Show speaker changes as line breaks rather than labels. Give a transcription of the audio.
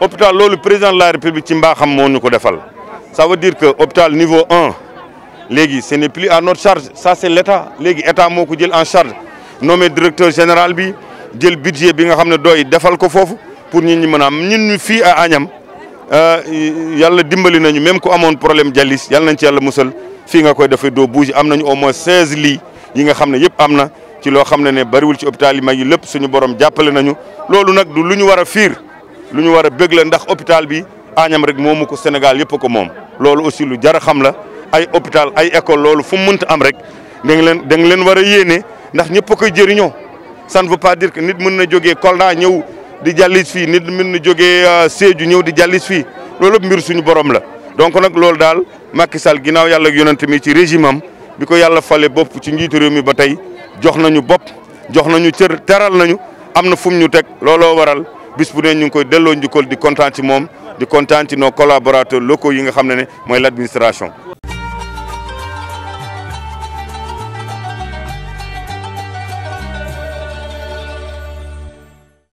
hôpital le président de la république ci mbaaxam moo ñu ko ça veut dire que hôpital niveau un légui ce n'est plus à notre charge ça c'est l'état légui état moko jël en charge nommé directeur général bi jël budget bi nga xamné doy défal ko fofu pour ñun ñi mën a am fi à Agnam euh, yàlla dimbali nañu même ko amone problème dialyse yalla nañ ci yalla mussel fi nga koy defee do bouge am nañu au moins 16 lits yi nga xamné yépp amna ci lo xamné né ne bariwul ci hôpital yi mag yi suñu borom jappalé nañu lolu nak du luñu wara fiir lu ñu war a bëgg la ndax hôpital bi Agnam rek moomu ko Sénégal yëpp ko moom loolu aussi lu jar a xam la ay hôpital ay école loolu fu mu mënta am rek da nga leen da leen war a yéene ndax ñëpp a koy jëriñoo ça ne veut que nit mën na jógee Kolda ñëw di jàllis fii nit mën na jógee euh, Sédhiou ñëw di jàllis fii loolu mbir suñu borom la. donc nag loolu daal Macky Sall ginnaaw yàlla ak yonent mi ci régime am bi ko yàlla fale bopp ci njiitu réew mi ba tey jox nañu bopp jox nañu cër teral nañu am na fu ñu teg looloo waral. bis bu ne ñu ngi koy delloo njukkal di kontaan moom di kontaan ci nos collaborateurs yi nga xam ne ne mooy l'administration